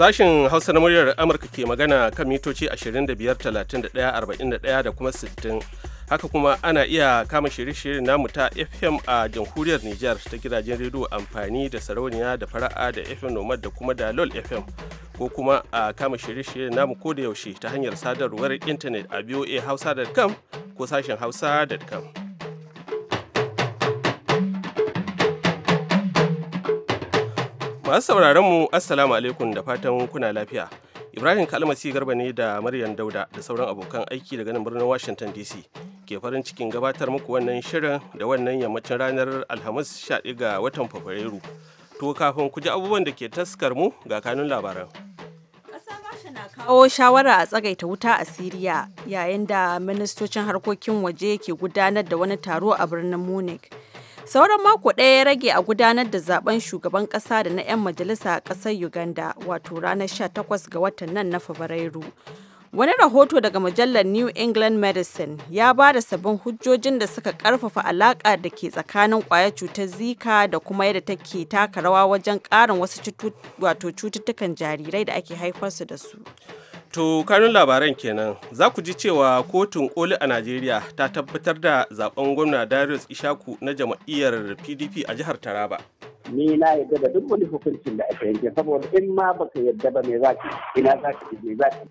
Sashen Hausa na muryar Amurka ke magana kan mitoci 25,31,41 da kuma 60. Haka kuma ana iya kama shirye-shiryen namu ta FM a jamhuriyar Nijar ta gidajen rediyo amfani da sarauniya da fara'a da FM Nomad da kuma da LOL FM. Ko kuma a kama shirye-shiryen namu ko da yaushe ta hanyar sadarwar intanet a Hausa.com ko sashen hausa.com. Masu sauraron mu Assalamu alaikum da fatan kuna lafiya. Ibrahim Kalmasi Garba ne da Maryam Dauda da sauran abokan aiki daga nan birnin Washington DC ke farin cikin gabatar muku wannan shirin da wannan yammacin ranar Alhamis 11 ga watan Fabrairu. To kafin ku ji abubuwan da ke taskar mu ga kanun labaran. na kawo shawara a tsagaita wuta a Siriya yayin da ministocin harkokin waje ke gudanar da wani taro a birnin Munich. Sauran mako ɗaya ya rage a gudanar da zaben shugaban ƙasa da na 'yan majalisa a ƙasar Uganda wato ranar 18 ga watan nan na Fabrairu. Wani rahoto daga mujallar New England Medicine ya ba da sabbin hujjojin da suka karfafa alaƙa da ke tsakanin ƙwayar cutar Zika da kuma yadda take taka rawa wajen ƙarin wasu cututtukan jarirai da ake haifarsu da su. To kanun labaran kenan za ku ji cewa kotun koli a Najeriya ta tabbatar da zaben gwamna Darius Ishaku na jam'iyyar PDP a jihar Taraba. Ni na yadda da duk wani hukuncin da aka yanke saboda in ma baka yadda ba me za ki ina za ki me za ki.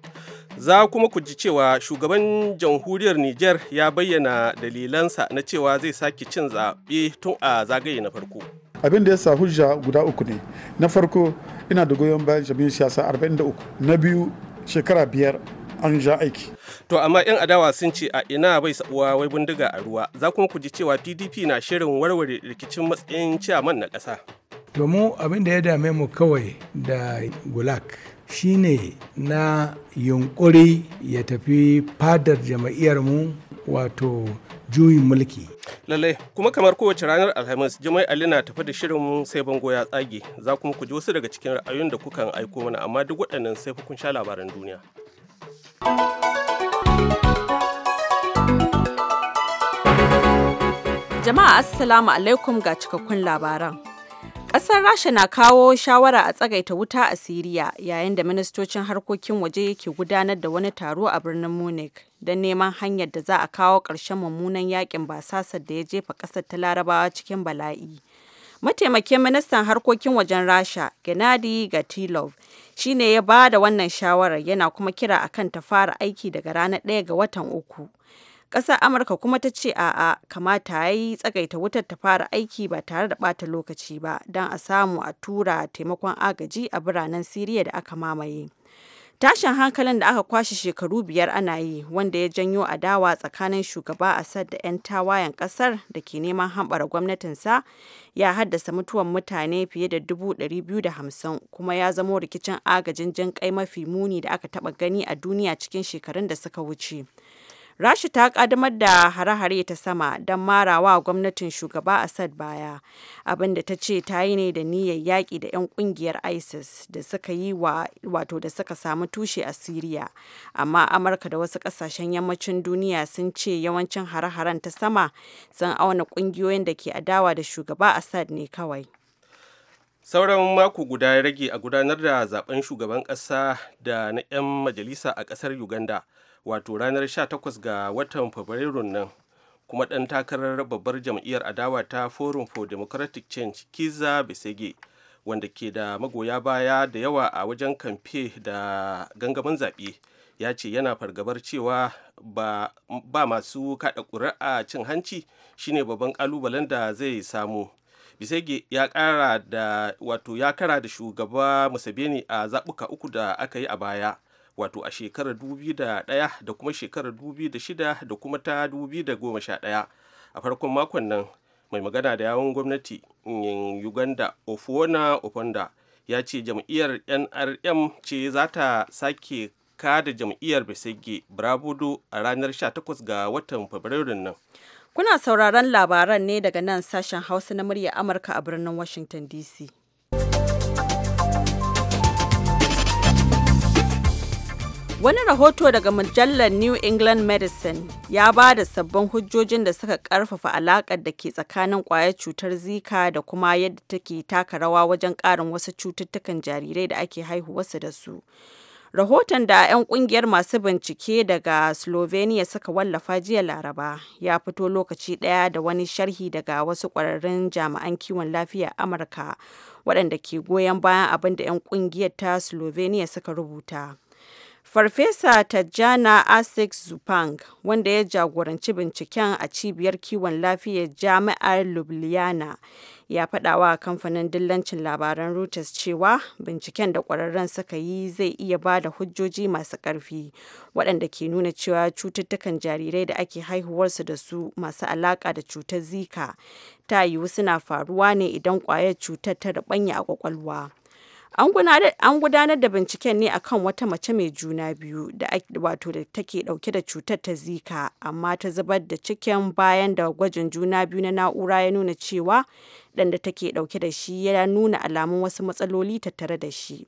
Za kuma ku ji cewa shugaban jamhuriyar Nijar ya bayyana dalilansa na cewa zai sake cin zaɓe tun a zagaye na farko. abin da ya sa hujja guda uku ne na farko ina da goyon bayan jami'in siyasa 43 na biyu shekara biyar an ja aiki to amma 'yan adawa sun ce a ina bai sabuwa wai bindiga a ruwa za kuma ku ji cewa pdp na shirin warware rikicin matsayin ciyaman na ƙasa to mu abin da ya dame mu kawai da gulak shine na yunƙuri ya tafi fadar mu wato juyin mulki Lallai kuma kamar kowace ranar Alhamis Jimai Ali na tafi da shirin sai bango ya tsage za kuma ku ji wasu daga cikin ra'ayoyin da kukan aiko mana amma duk waɗannan sai kun sha labaran duniya. Jama'a Assalamu alaikum ga cikakkun labaran. Ƙasar Rasha na kawo shawara a tsagaita wuta a Siriya yayin da ministocin harkokin waje yake gudanar da wani taro a birnin Munich don neman hanyar da za a kawo ƙarshen mummunan yakin basasar da ya jefa ƙasar ta larabawa cikin bala'i. Mataimakin ministan harkokin wajen Rasha, Gennady Gatilov, shi ne ya ba da wannan shawarar yana kuma kira akan ta fara aiki daga ranar 1 ga watan uku. Ƙasar Amurka kuma ta ce a'a kamata ya yi tsagaita wutar ta fara aiki ba tare da bata lokaci ba don a samu a tura taimakon agaji a biranen Siriya da aka mamaye. Tashin hankalin da aka kwashe shekaru biyar ana yi wanda ya janyo adawa tsakanin shugaba Assad da 'yan tawayen ƙasar da ke neman hambara gwamnatinsa ya haddasa mutuwan mutane fiye da dubu 250,000 kuma ya zamo rikicin agajin jin kai mafi muni da aka taɓa gani a duniya cikin shekarun da suka wuce. Rasha ta kaddamar da hare-hare ta sama don marawa gwamnatin shugaba Assad baya, abinda ta ce ta yi ne da niyyar yaƙi da 'yan kungiyar ISIS da suka yi wa wato da suka samu tushe a Siriya. Amma Amurka da wasu ƙasashen yammacin duniya sun ce yawancin hare-haren ta sama sun auna kungiyoyin da ke adawa da shugaba Assad ne kawai. sauran mako guda ya rage a gudanar da zaben shugaban ƙasa da na 'yan majalisa a ƙasar uganda wato ranar 18 ga watan fabrairu nan kuma ɗan takarar babbar jam'iyyar adawa ta forum for democratic change kiza besege wanda ke da magoya baya da yawa a wajen kamfe da gangamin zaɓe ya ce yana fargabar cewa ba, masu kaɗa ƙuri'a cin hanci shine babban ƙalubalen da zai samu bisege ya kara da wato ya kara da shugaba musabeni a zaɓuka uku da aka yi a baya wato a shekarar 2001 da kuma shekarar 2006 da kuma ta 2011 a farkon makon nan mai magana da yawon gwamnati in uganda ofuona ofonda ya ce jam'iyyar nrm ce za ta sake kada jam'iyyar besege brabudo a ranar takwas ga watan fabrairun nan kuna sauraron labaran ne daga nan sashen hausa na murya amurka a birnin washington dc Wani rahoto daga mujallar New England Medicine ya ba da sabbin hujjojin da suka karfafa alakar da ke tsakanin kwayar cutar Zika da kuma yadda take taka rawa wajen ƙarin wasu cututtukan jarirai da ake haihuwarsu da su. Rahoton da 'yan kungiyar masu bincike daga Slovenia suka wallafa jiya Laraba ya fito lokaci ɗaya da wani sharhi daga wasu ƙwararrun jami'an kiwon lafiya Amurka waɗanda ke goyon bayan abin da 'yan kungiyar ta Slovenia suka rubuta. Farfesa Tajana Asik Zupang, wanda ya jagoranci binciken a cibiyar kiwon lafiyar Jami'ar Ljubljana, ya faɗawa kamfanin dillancin labaran Reuters cewa binciken da ƙwararren suka yi zai iya ba da hujjoji masu ƙarfi waɗanda ke nuna cewa cututtukan jarirai da ake haihuwarsu da su masu alaƙa da cutar Zika ta yiwu suna faruwa ne idan ƙwayar cutar ta rabanya a ƙwaƙwalwa. An gudanar da binciken ne akan wata mace mai juna biyu da wato da take dauke da cutar ta zika amma ta zubar da cikin bayan da gwajin juna biyu na na'ura ya nuna cewa ɗan da take dauke da shi ya nuna alamun wasu matsaloli tattare da shi.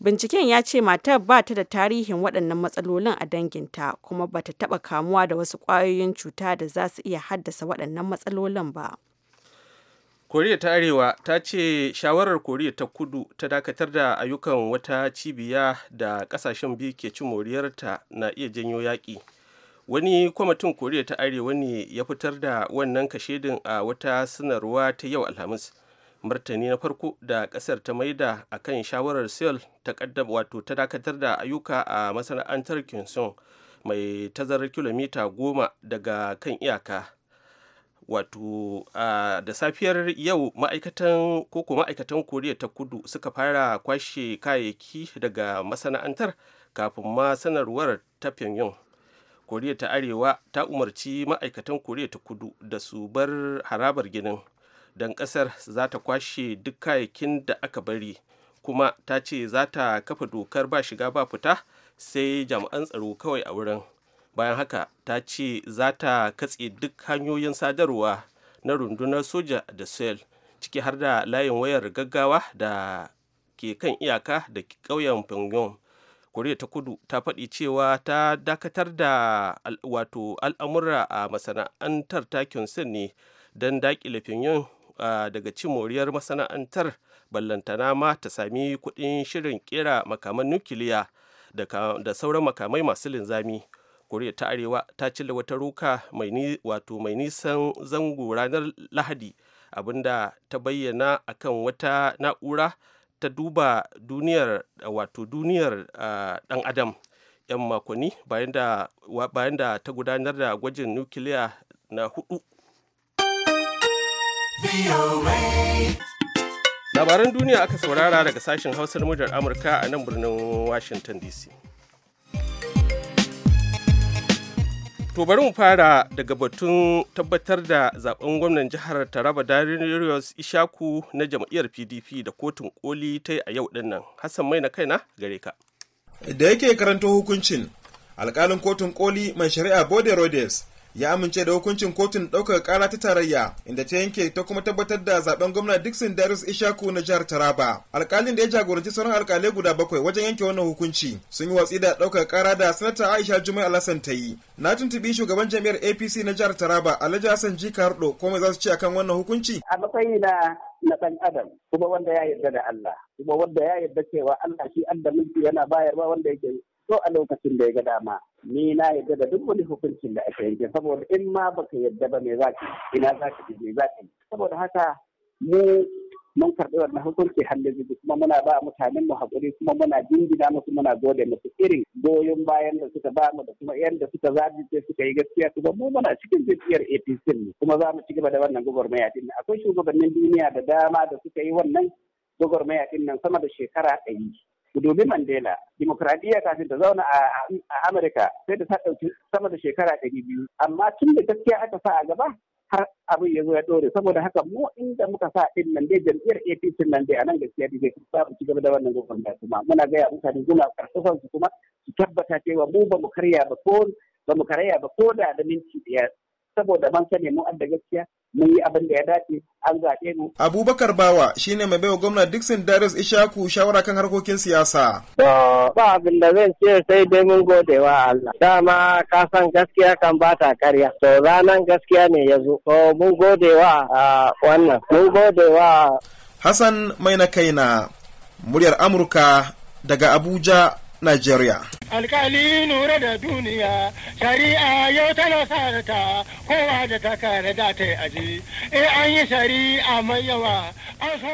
Binciken ya ce matar ba ta da tarihin waɗannan matsalolin a danginta kuma ba ta taɓa kamuwa da wasu ƙwayoyin cuta da za su iya haddasa waɗannan matsalolin ba. koriya ta arewa ta ce shawarar koriya ta kudu ta dakatar da ayyukan wata cibiya da kasashen biyu ke cin moriyarta na iya janyo yaƙi wani kwamitin koriya ta arewa ne ya fitar da wannan kashedin a wata sanarwa ta yau alhamis martani na farko da kasar ta maida a kan shawarar seoul ta kaddam wato ta dakatar da ayyuka a masana'antar kinson mai tazarar kilomita goma daga kan iyaka wato da safiyar yau ma'aikatan koko ma'aikatan koriya ta kudu suka fara kwashe kayayyaki daga masana'antar kafin ma sanarwar ta pyongyang koriya ta arewa ta umarci ma'aikatan koriya ta kudu da su bar harabar ginin don kasar za ta kwashe duk kayayyakin da aka bari kuma ta ce za ta kafa dokar ba shiga ba fita sai jami'an tsaro kawai a wurin bayan haka ta ce za ta katse duk hanyoyin sadarwa na rundunar soja da sel ciki har da layin wayar gaggawa da ke kan iyaka da ƙauyen pyongyang koriya ta kudu ta faɗi cewa ta dakatar da wato al'amura a masana'antar takin sin ne don daƙile pyongyang daga moriyar masana'antar ballantana ma ta sami kuɗin shirin kera makaman nukiliya da sauran makamai masu linzami koriya ta arewa ta cilla wata roka mai wato mai nisan zango ranar lahadi abinda ta bayyana akan wata na'ura ta duba duniyar wato duniyar dan adam yan makonni bayan da ta gudanar da gwajin nukiliya na hudu labaran duniya aka saurara daga sashen hausar mujar amurka a nan birnin washington dc To bari mu fara daga batun tabbatar da zaben gwamnan jihar Taraba Darius Ishaku na jam'iyyar PDP da kotun koli ta yi a yau din nan. Hassan mai na kaina gare ka. Da yake karanto hukuncin, alkalin kotun koli mai shari'a Bode Rhodes ya amince da hukuncin kotun ɗaukar ƙara ta tarayya inda ta yanke ta kuma tabbatar da zaben gwamna Dixon Darius Ishaku na jihar Taraba. Alƙalin da ya jagoranci sauran alƙalai guda bakwai wajen yanke wannan hukunci sun yi watsi da ɗaukar ƙara da sanata Aisha Jumai Alhassan ta yi. Na tuntubi shugaban jami'ar APC na jihar Taraba Alhaji Hassan Ji Kardo ko mai za su ce akan wannan hukunci. A matsayi na na ɗan adam kuma wanda ya yarda da Allah kuma wanda ya yarda cewa Allah shi allah yana bayarwa wanda yake so a lokacin da ya ga dama ni na yadda da duk wani hukuncin da aka yanke saboda in ma baka yadda ba me za ka ina za ka je za ka saboda haka mu mun karɓi wannan hukunci hannu kuma muna ba mutanen mu haƙuri kuma muna jingina musu muna gode musu irin goyon bayan da suka ba mu da kuma yadda suka zaɓi suka yi gaskiya kuma mu muna cikin jam'iyyar APC ne kuma za mu ci gaba da wannan gwagwarmaya din akwai shugabannin duniya da dama da suka yi wannan gwagwarmaya din nan sama da shekara ɗari ku Mandela, dimokuraɗiyya kafin ta zauna a Amurka sai da ta ɗauki sama da shekara ɗari biyu. Amma tun da gaskiya aka sa a gaba har abin ya zo ya ɗore saboda haka mu inda muka sa ɗin nan dai jam'iyyar APC nan dai a nan gaskiya dai ba mu ci gaba da wannan gwamnati kuma muna gaya mutane muna ƙarfafan su kuma su tabbata cewa mu ba mu karya ba ko da da minti ɗaya saboda ban sani mu an da gaskiya mun yi abin da ya dace an zaɓe mu. Abubakar Bawa shi ne mai baiwa gwamna Dixon Darius Ishaku shawara kan harkokin siyasa. To ba abin da zan ce sai dai mun gode wa Allah. Dama ka san gaskiya kan ba ta karya. To ranan gaskiya ne ya zo. To mun gode wa wannan. Mun gode wa. Hassan Mai kaina muryar Amurka daga Abuja, Najeriya. Alkali nura da duniya shari'a yau tana ta kowa da ta kare da aji eh an yi shari'a mai yawa.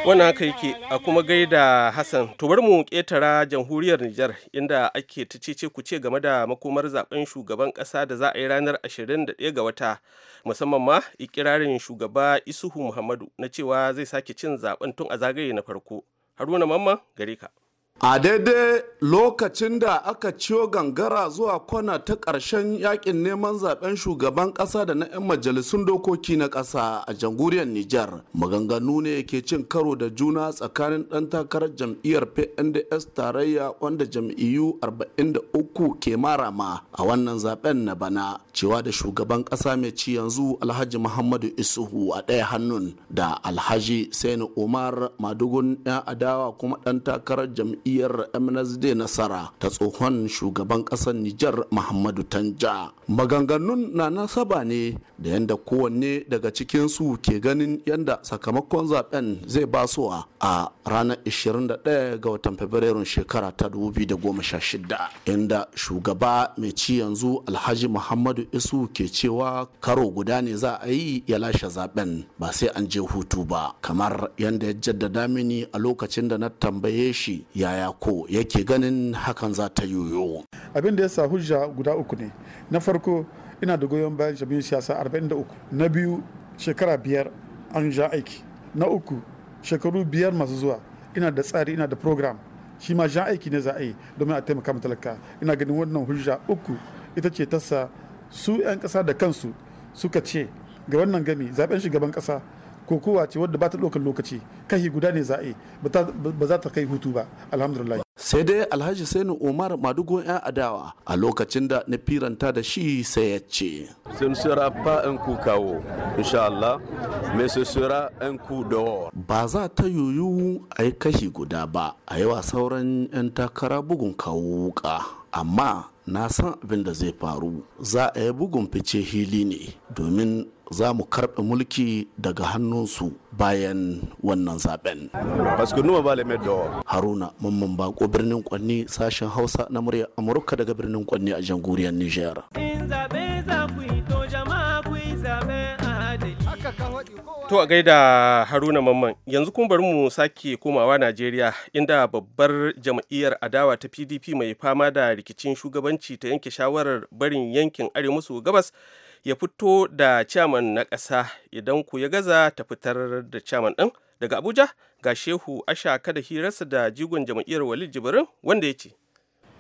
Wannan haka a kuma gaida Hassan to mu ƙetara jamhuriyar Nijar inda ake ta cece ku ce game da makomar zaben shugaban ƙasa da za a yi ranar 21 ga wata musamman ma ikirarin shugaba Isuhu Muhammadu na cewa zai sake cin zaben tun a zagaye na farko. Haruna Mamman gare ka. a daidai lokacin da aka ciyo gangara zuwa kwana ta ƙarshen yakin neman zaben shugaban ƙasa da na 'yan majalisun dokoki na ƙasa a jamhuriyar nijar maganganu ne ke cin karo da juna tsakanin ɗan takarar jam'iyyar pnds tarayya wanda jam'iyyu 43 ke mara ma, a wannan zaben na bana cewa da shugaban ƙasa mai ci yanzu alhaji muhammadu isuhu a ɗaya hannun da alhaji sani umar madugun 'yan adawa kuma ɗan takarar jam'iyyar jam'iyyar MNSD nasara ta tsohon shugaban ƙasar Nijar Muhammadu Tanja. Maganganun na nasaba ne da yadda kowanne daga cikinsu ke ganin yadda sakamakon zaben zai basuwa a ranar 21 ga watan Fabrairun shekara ta 2016 inda shugaba mai ci yanzu Alhaji Muhammadu Isu ke cewa karo guda ne za a yi ya lashe zaben ba sai an je hutu ba kamar yadda ya jaddada mini a lokacin da na tambaye shi yaya yaya ko yake ganin hakan za ta yoyo abin da ya sa hujja guda uku ne na farko ina da goyon bayan jami'in siyasa 43 na biyu shekara biyar an ja aiki na uku shekaru biyar masu zuwa ina da tsari ina da program shi ma ja aiki ne za a yi domin a taimaka ma talaka ina ganin wannan hujja uku ita ce ta sa su 'yan ƙasa da kansu suka ce ga wannan gami zaben shugaban ƙasa kokowa ce wadda ba ta ɗaukar lokaci kahi guda ne za'a ba za ta kai hutu ba alhamdulillah sai dai alhaji sainu umar madugo ya adawa a lokacin da na firanta da shi sai ya ce sun sura fa in ku kawo insha Allah me su sura un ku ba za ta yuyu a yi kashi guda ba a yi wa sauran yan takara bugun kawo wuka amma na san abin da zai faru za a yi bugun fice hili ne domin za mu karɓi mulki daga hannunsu bayan wannan zaben. Haruna Mamman Bako birnin Kwanni sashen Hausa na murya Amurka daga birnin Kwanni a jamhuriyar Nijar. To a gaida Haruna Mamman yanzu kun bari mu sake komawa Najeriya inda babbar jam'iyyar adawa ta PDP mai fama da rikicin shugabanci ta yanke shawarar barin yankin arewa maso gabas ya fito da chairman na ƙasa idan ku ya gaza ta fitar da chairman ɗin daga abuja ga shehu ashaka da hirarsa da jigon jam'iyyar walid jibirin wanda ya ce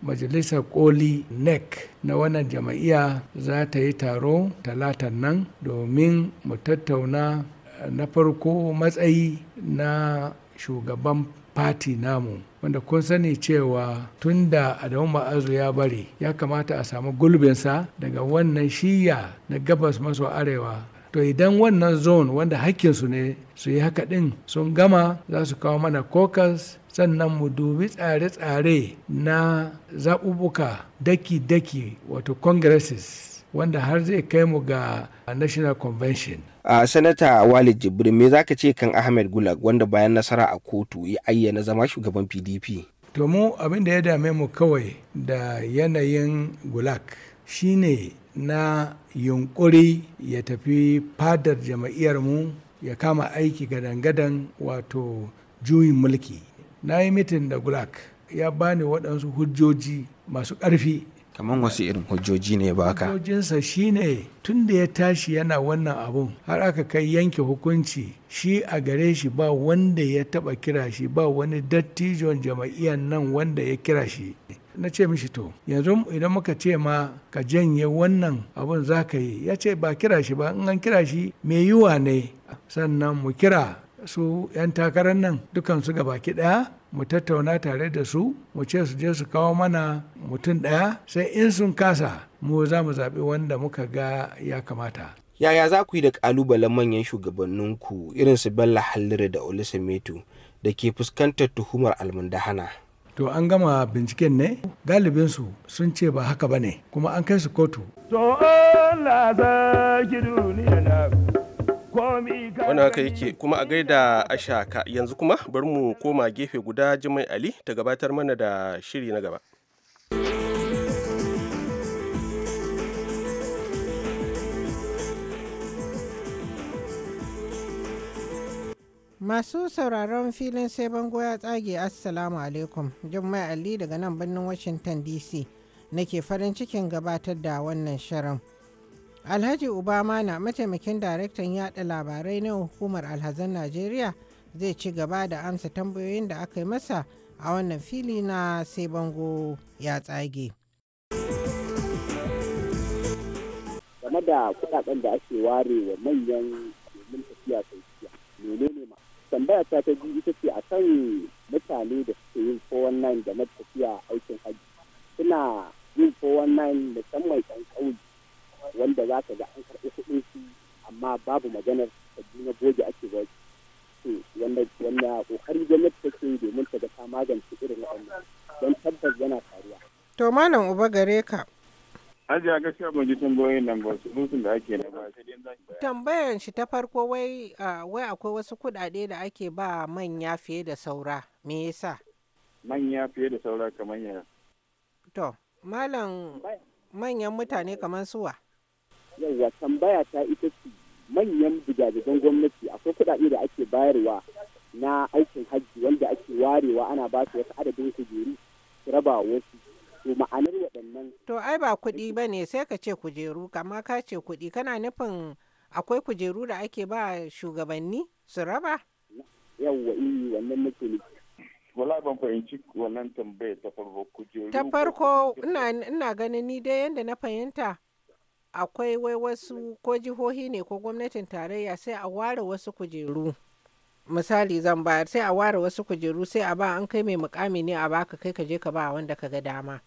majalisar koli nec na wannan jama'iyya za ta yi taro talatan nan domin mu tattauna eh, na farko matsayi na shugaban fati namu wanda kun sani cewa tun da adamu ma'azu ya bari ya kamata a samu gulbinsa daga wannan shiya na gabas maso arewa to idan wannan zone wanda hakkinsu ne su yi haka ɗin sun gama za su kawo mana kokas sannan mu dubi tsare-tsare na zaɓuɓɓuka daki-daki wato congresses wanda har zai kai mu ga national convention a uh, sanata walid jibrin me za ka ce kan ahmed gulag wanda bayan nasara a kotu ya ayyana zama shugaban pdp to mu abin da ya dame mu kawai da yanayin gulag shine na yunkuri ya tafi fadar mu ya kama aiki gadan-gadan wato juyin mulki na yi mitin da gulag ya bani waɗansu hujjoji masu ƙarfi kamar wasu irin hujjoji ne ba ka hujjojinsa shi ne tun da ya tashi yana wannan abun har aka kai yanke hukunci shi a gare shi ba wanda ya taba kira shi ba wani dattijon jama'iyyar nan wanda ya kira shi na ce mishi to yanzu idan muka ce ma ka janye wannan abun za ka yi ya ce ba kira shi ba in an kira shi mai yiwa ne sannan mu kira su 'yan takarar nan dukansu ga baki daya mu tattauna tare da su mu ce su je su kawo mana mutum daya sai in sun kasa mu za mu zaɓi wanda muka ga ya kamata yaya za ku yi da ƙalubalen manyan shugabanninku irin su bello halliru da olusemetu da ke fuskantar tuhumar almundahana to an gama binciken ne galibinsu sun ce ba haka bane kuma an kai su kotu to Allah za ki duniya na wani haka yake kuma a gaida ashaka yanzu kuma bari mu koma gefe guda jimai ali ta gabatar mana da shiri na gaba masu sauraron filin sai bango ya tsage assalamu alaikum jima'i ali daga nan birnin washington dc nake farin cikin gabatar da wannan shirin alhaji obama na mataimakin daraktan yada labarai na hukumar alhazan najeriya zai ci gaba da amsa tambayoyin da aka yi masa a wannan fili na sai bango ya tsage game da kudaden da ake ware wa manyan domin tafiya kai menene ma tambaya ta ta biyu ita ce a kan mutane da suke yin 419 da na tafiya aikin hajji suna yin 419 musamman kan ƙauye wanda za ka ga an karɓi kuɗin su amma babu maganar sabbi na goge ake ba su wanda wanda kokari gwamnati take yi domin ta ga ta magance irin wannan, don tabbas yana faruwa to malam uba gare ka Hajiya gaskiya ban ji tambayoyin nan ba su mutum da ake na ba Tambayan shi ta farko wai wai akwai wasu kuɗaɗe da ake ba manya fiye da saura me yasa? Manya fiye da saura kamar ya. To, malam manyan mutane kamar suwa. yawwa tambaya ta ita ce manyan bujajajen gwamnati akwai kuɗaɗe da ake bayarwa na aikin hajji wanda ake warewa ana ba su wasu adadin kujeru su raba wasu to ma'anar waɗannan to ai ba kuɗi ba ne sai ka ce kujeru kama ka ce kuɗi kana nufin akwai kujeru da ake ba shugabanni su raba yawwa iya eh, wannan nake ne wala ban fahimci wannan tambaya ta farko kujeru ta farko ina ganin ni dai yadda na fahimta akwai wai wasu ko jihohi ne ko gwamnatin tarayya sai a ware wasu kujeru misali zan bayar sai a ware wasu kujeru sai a ba an kai mai mukami ne a baka kai ka je ka ba wanda ka ga dama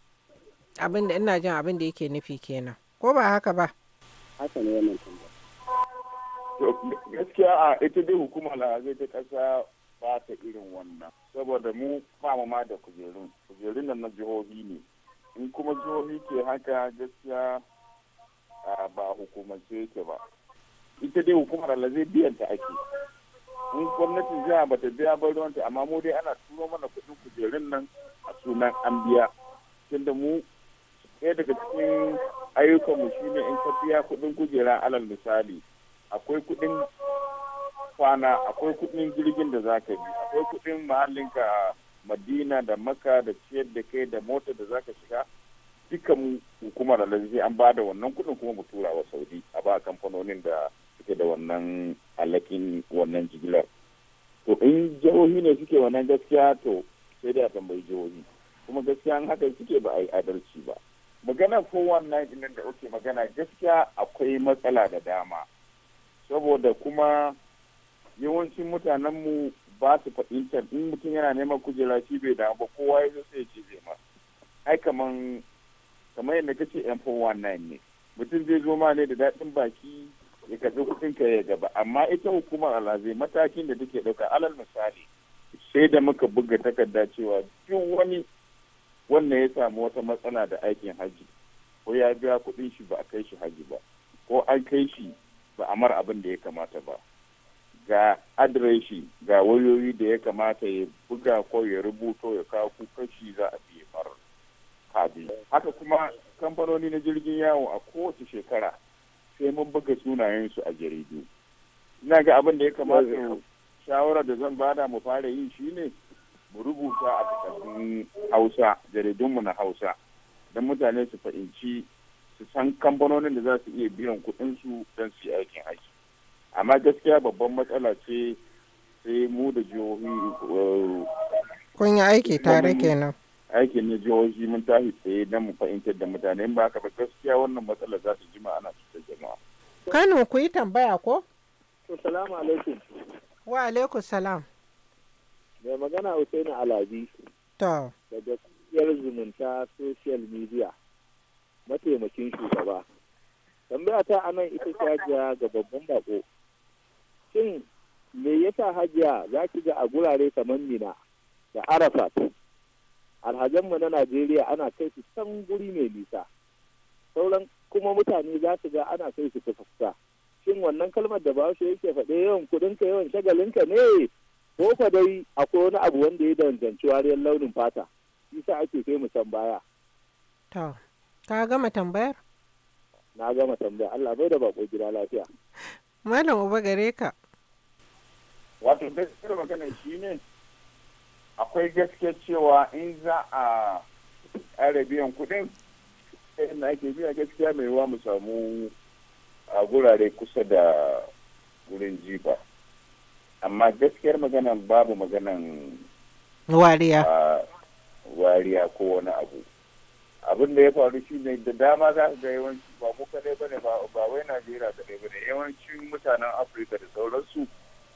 abin da ina jin abin da yake nufi kenan ko ba haka ba haka ne wannan tambaya gaskiya a ita dai hukumar zai ta kasa ba ta irin wannan saboda mu ba mu ma da kujerun kujerun nan na jihohi ne in kuma jihohi ke haka gaskiya ba hukumance yake ba ita dai hukumar alazai biyan ta ake in gwamnatin jiha bata biya ba ruwanta amma mu dai ana turo mana kudin kujerun nan a sunan an biya tunda mu ɗaya daga cikin ayyukan mu shine in ka biya kudin kujera alal misali akwai kudin kwana akwai kudin jirgin da za ka bi akwai kudin mahallinka madina da maka da ciyar da kai da mota da za ka shiga dukkan hukumar da an ba da wannan kuɗin kuma mu tura wa saudi a ba kamfanonin da suke da wannan alakin wannan jigilar to in jihohi ne suke wannan gaskiya to sai da tambayi jihohi kuma gaskiya an haka suke ba a yi adalci ba magana ko wannan ɗin da ake magana gaskiya akwai matsala da dama saboda kuma yawancin mutanenmu ba su fahimtar in mutum yana neman kujera shi bai damu ba kowa ya zo sai ce zai ma ai kaman kamar yadda kace m nan ne mutum zai zo ma ne da daɗin baki ya karɓi kuɗin ka ya gaba amma ita hukumar alhazai matakin da take ɗauka alal misali sai da muka buga takarda cewa duk wani wannan ya samu wata matsala da aikin hajji ko ya biya kuɗin shi ba a kai shi hajji ba ko an kai shi ba a mara abin da ya kamata ba ga adireshi ga wayoyi da ya kamata ya buga ko ya rubuto ya kawo kuka shi za a biye mara. kaji haka kuma kamfanoni na jirgin yawo a kowace shekara sai mun buga sunayen su a jaridu ina ga abin da ya kamata shawarar da zan bada mu fara yi shine mu rubuta a takardun hausa jaridunmu na hausa don mutane su fahimci su san kamfanonin da za su iya biyan kuɗin su don su yi aikin aiki amma gaskiya babban matsala ce sai mu da jihohi eh, kun yi aiki tare kenan aikin na jihohi mun tashi tsaye don mu fahimtar da mutane ba haka ba gaskiya wannan matsalar za su jima ana cutar jama'a. Kano ku yi tambaya ko? salamu alaikum. Wa alaikum salam. Mai magana Usaini Alabi. To. Daga kungiyar zumunta social media mataimakin shugaba. Tambaya ta anan ita shajiya ga babban bako. Shin me yasa hajiya za ki ga a gurare kamar Mina da Arafat alhajanmu na najeriya ana kai su can guri mai nisa sauran kuma mutane za su ga ana kai su kusa shin wannan kalmar da bahaushe yake faɗe yawan kuɗinka yawan shagalinka ne ko fa dai akwai wani abu wanda ya danganci wariyar launin fata isa ake kai mu san baya to ka gama tambayar na gama tambaya Allah bai da bako gida lafiya malam uba gare ka wato gaskiyar magana ne. akwai gaske cewa in za a ƙara biyan kuɗin na ake biya gaskiya mai yiwuwa mu samu a gurare kusa da gurin jifa amma gaskiyar maganan babu maganan wariya wariya ko wani abu abin da ya faru shi ne da dama za ga yawanci ba ku kadai bane ba wai najeriya kadai bane yawancin mutanen afirka da sauransu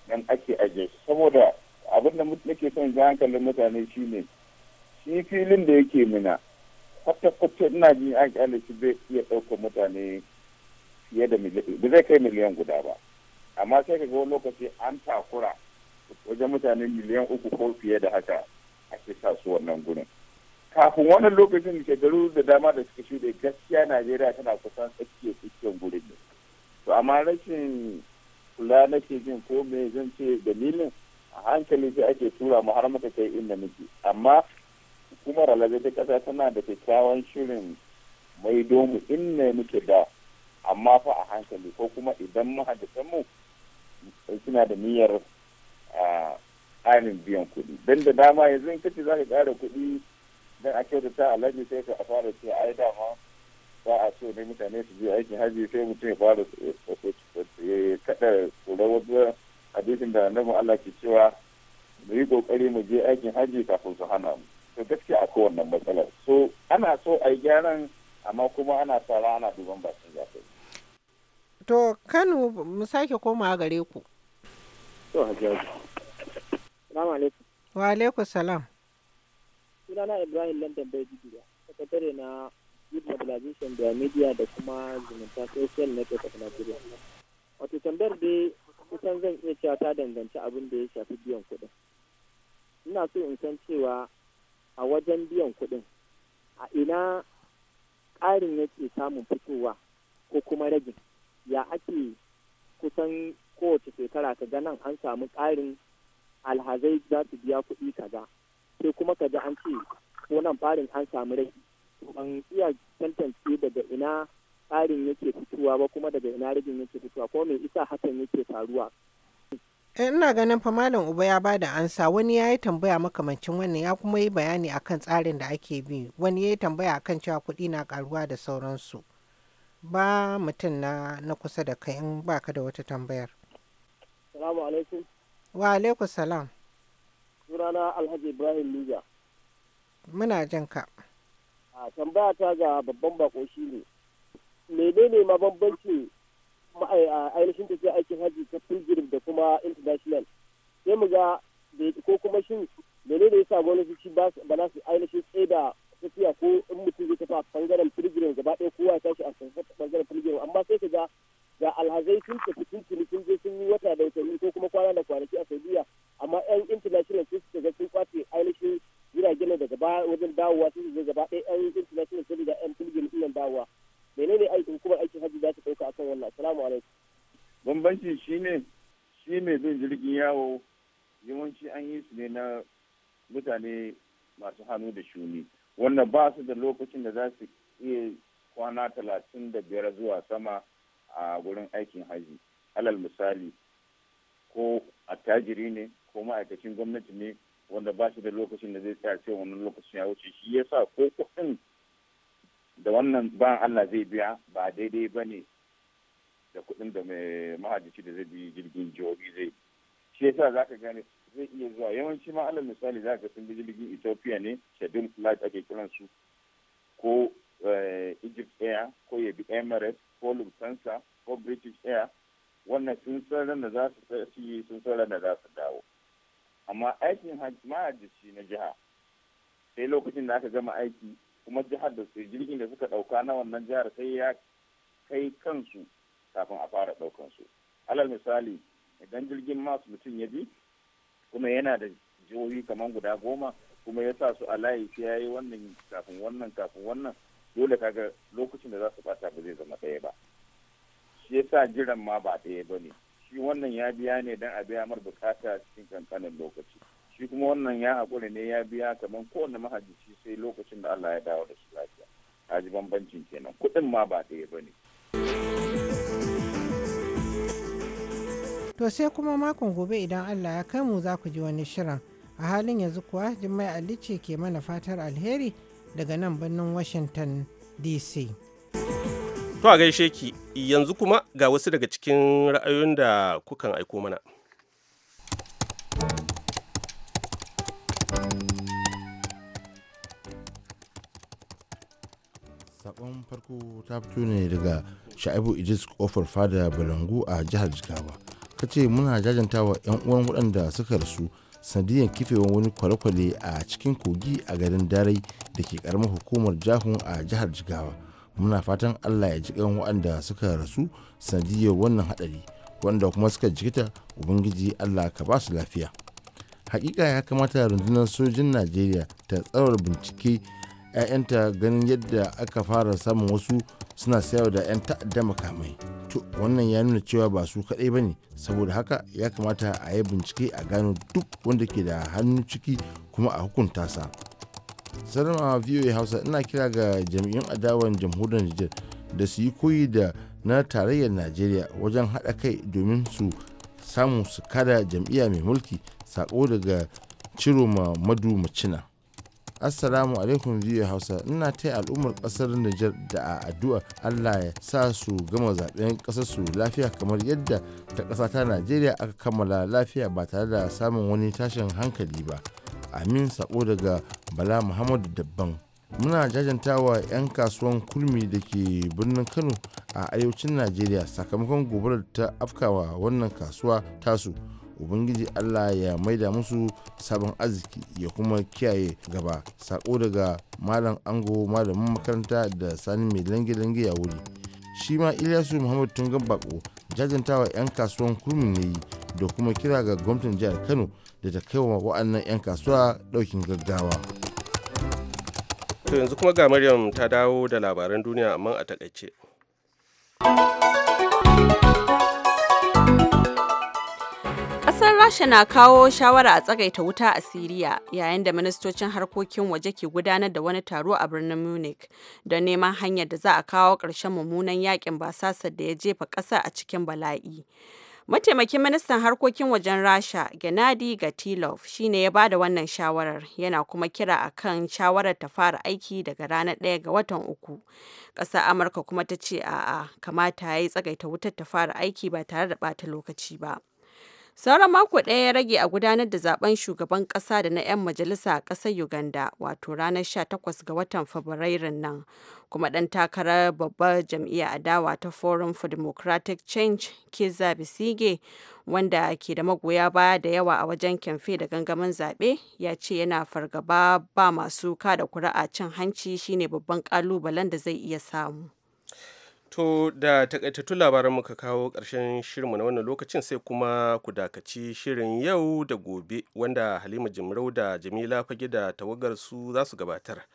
nan ake ajiye saboda abin da nake son ji hankalin mutane shine shi filin da yake mina kwata-kwata ina ji an kyale shi zai iya ɗaukar mutane fiye da miliyan ba zai kai miliyan guda ba amma sai ka ga wani lokaci an takura wajen mutane miliyan uku ko fiye da haka ake sa su wannan gurin kafin wannan lokacin shekaru da dama da suka shuɗe gaskiya najeriya tana kusan tsakiyar tsakiyar gurin ne to amma rashin kula nake jin ko me zan ce dalilin a hankali sai ake tura mu har muka kai inda muke amma hukumar alazai ta kasa tana da kyakkyawan shirin mai domu inda muke da amma fa a hankali ko kuma idan mahaddisan mu suna da niyyar ainihin biyan kuɗi don da dama yanzu in kace za ka ƙara kuɗi don a kyautata alhaji sai ka fara ce ai dama ba a so ne mutane su je aikin haji sai mutum ya fara kaɗa tsoron wasu hadisin da annabi Allah ke cewa mu yi kokari mu je aikin haji kafin su hana mu to gaskiya akwai wannan matsalar so ana so a yi gyaran amma kuma ana tsara ana duban bakin zafi to Kano mu sake koma gare ku to hajjaji salamu alaikum wa alaikum salam sunana Ibrahim London bai da sakatare na youth mobilization da media da kuma zumunta social network of Nigeria wato tambayar dai kusan zan iya cewa ta danganci abin da ya shafi biyan kuɗin ina so in san cewa a wajen biyan kuɗin a ina ƙarin yake samun fitowa ko kuma ragin ya ake kusan kowace shekara ka ga nan an samu ƙarin alhazai za su biya kuɗi kaza sai kuma ka ga an ce ko nan farin an samu rai ban iya tantance daga ina tsarin yake fitowa ba kuma daga ina rigin yake fitowa ko me isa hakan yake faruwa eh, ina ganin fa malam uba ya bada ansa wani ya yi tambaya makamancin wannan ya kuma yi bayani akan tsarin da ake bi wani ya yi tambaya akan cewa kuɗi na karuwa da sauransu ba mutum na na kusa da kai in ba ka da wata tambayar salamu alaikum wa alaikum salam sunana alhaji ibrahim lija muna jinka a tambaya ta ga babban bako ne. menene ma bambanci ainihin tafiya aikin hajji ta pilgrim da kuma international sai mu ga ko kuma shin menene yasa gwamnatoci ba na su ainihin da tafiya ko in mutum zai tafi a bangaren pilgrim gaba ɗaya kowa ya tashi a bangaren pilgrim amma sai ka ga ga alhazai sun tafi sun tuni sun je sun yi wata da watanni ko kuma kwana da kwanaki a saudiya amma yan international sun shiga sun kwace ainihin jiragen daga baya wajen dawowa sun shiga gaba ɗaya yan international sun shiga yan pilgrim ɗin dawowa ne aikin kuma aikin hajji za ta ɗauka akan wannan assalamu alaikum bambanci ne shi ne bin jirgin yawo yawanci an yi su ne na mutane masu hannu da shuni wanda ba su da lokacin da za su iya kwana talatin da biyar zuwa sama a wurin aikin hajji alal misali ko attajiri ne ko ma'aikacin gwamnati ne wanda ba shi da lokacin da zai tsaya sai lokacin ya wuce shi yasa ko kuɗin da wannan ban Allah zai biya ba daidai ba ne da kuɗin da mai mahajjaci da zai bi jirgin jihohi zai shi sa za ka gane zai iya zuwa yawanci ma alal misali za ka sun bi jirgin ethiopia ne shadun flight ake kiran su ko eh, egypt air ko ya emirates ko lufthansa ko british air wannan sun san da za su yi sun san da za su dawo amma aikin mahajjaci na jiha sai lokacin da aka gama aiki kuma jihar da su jirgin da suka ɗauka na wannan jihar sai ya kai kansu kafin a fara ɗaukan su alal misali idan jirgin masu mutum ya bi kuma yana da jihohi kamar guda goma kuma ya sa su a layi sai ya yi wannan kafin wannan kafin wannan dole kaga lokacin da za su bata ba zai zama ɗaya ba shi ya sa jiran ma ba ɗaya ba ne shi wannan ya biya ne don a biya mar bukata cikin kankanin lokaci shi kuma wannan ya haƙura ne ya biya kamar kowane mahajjici sai lokacin da Allah ya dawo da su lafiya a ji bambancin kenan kuɗin ma ba ɗaya ba ne. To sai kuma makon gobe idan Allah ya kai mu za ku ji wani shirin. A halin yanzu kuwa Jummai Ali ce ke mana fatar alheri daga nan birnin Washington DC. To a gaishe ki yanzu kuma ga wasu daga cikin ra'ayoyin da kukan aiko mana. sakon farko ta fito ne daga sha'ibu idris kofar fada balangu a jihar jigawa ka ce muna jajantawa 'yan uwan waɗanda suka rasu sanadiyar kifewan wani kwale-kwale a cikin kogi a garin darai da ke karamar hukumar jahun a jihar jigawa muna fatan allah ya jikan waɗanda suka rasu sanadiyar wannan haɗari wanda kuma suka jikita ubangiji allah ka ba su lafiya hakika ya kamata rundunar sojin najeriya ta tsawar bincike 'ya'yanta ganin yadda aka fara samun wasu suna sayar da 'yan ta'adda makamai to wannan ya nuna cewa ba su kaɗai ba ne saboda haka ya kamata a yi bincike a gano duk wanda ke da hannu ciki kuma a hukunta sa sanarwa voa hausa ina kira ga jami'in adawan jamhuriyar nijar da su yi koyi da na tarayyar najeriya wajen haɗa kai domin su samu su kada jam'iyya mai mulki sako daga ciro ma madu macina assalamu alaikum jiya hausa ina taya al'ummar kasar nijar da a addu'a allah ya sa su gama zaben kasar su lafiya kamar yadda ta kasa ta najeriya aka kammala lafiya ba tare da samun wani tashin hankali ba amin sako daga bala muhammadu dabban muna jajantawa 'yan kasuwan kulmi da ke birnin kano a arewacin najeriya sakamakon gobarar ta afkawa wannan kasuwa tasu ubangiji allah ya maida musu sabon arziki ya kuma kiyaye gaba sako daga malam ango malamin makaranta da sani mai langi lange ya wuri shi ma ilyasu muhammad tungan bako jajantawa 'yan kasuwan kurmin ne yi da kuma kira ga gwamnatin jihar kano da ta kai wa wa'annan 'yan kasuwa daukin gaggawa to yanzu kuma ga maryam ta dawo da labaran duniya amma a takaice. Rasha na kawo shawara a tsagaita wuta a Siriya yayin da ministocin harkokin waje ke gudanar da wani taro a birnin Munich don neman hanyar da za a kawo ƙarshen mummunan yakin basasar da ya jefa ƙasa a cikin bala'i. Mataimakin ministan harkokin wajen Rasha, Gennady Gatilov, shi ne ya bada wannan shawarar, yana kuma kira a kan shawarar ta fara aiki daga ranar 1 ga watan uku. Ƙasar Amurka kuma ta ce a'a, kamata ya yi tsagaita wutar ta fara aiki ba tare da ɓata lokaci ba. Sauran mako ɗaya ya rage a gudanar da zaben shugaban ƙasa da na 'yan majalisa a ƙasar Uganda, wato ranar 18 ga watan Fabrairun nan. Kuma ɗan takarar babbar jam'iyyar adawa ta Forum for Democratic Change, Kizza Bisige, wanda ke da magoya baya da yawa a wajen kyamfe da gangamin zaɓe ya ce yana fargaba ba masu kada kuri'a cin hanci shine babban ƙalubalen da zai iya samu. To da takaitattu labaran muka kawo ƙarshen shirinmu na wannan lokacin sai kuma ku dakaci shirin yau da gobe wanda Halima Jimrau da Jamila Fage da tawagar su za su gabatar.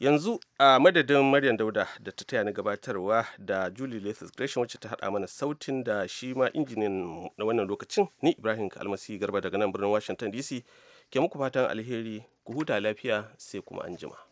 Yanzu a madadin Maryam Dauda da ta taya na gabatarwa da Julie Lathis Gresham wacce ta haɗa mana sautin da shi ma injinin na wannan lokacin ni Ibrahim Kalmasi Garba daga nan birnin Washington DC ke muku fatan alheri ku huta lafiya sai kuma anjima.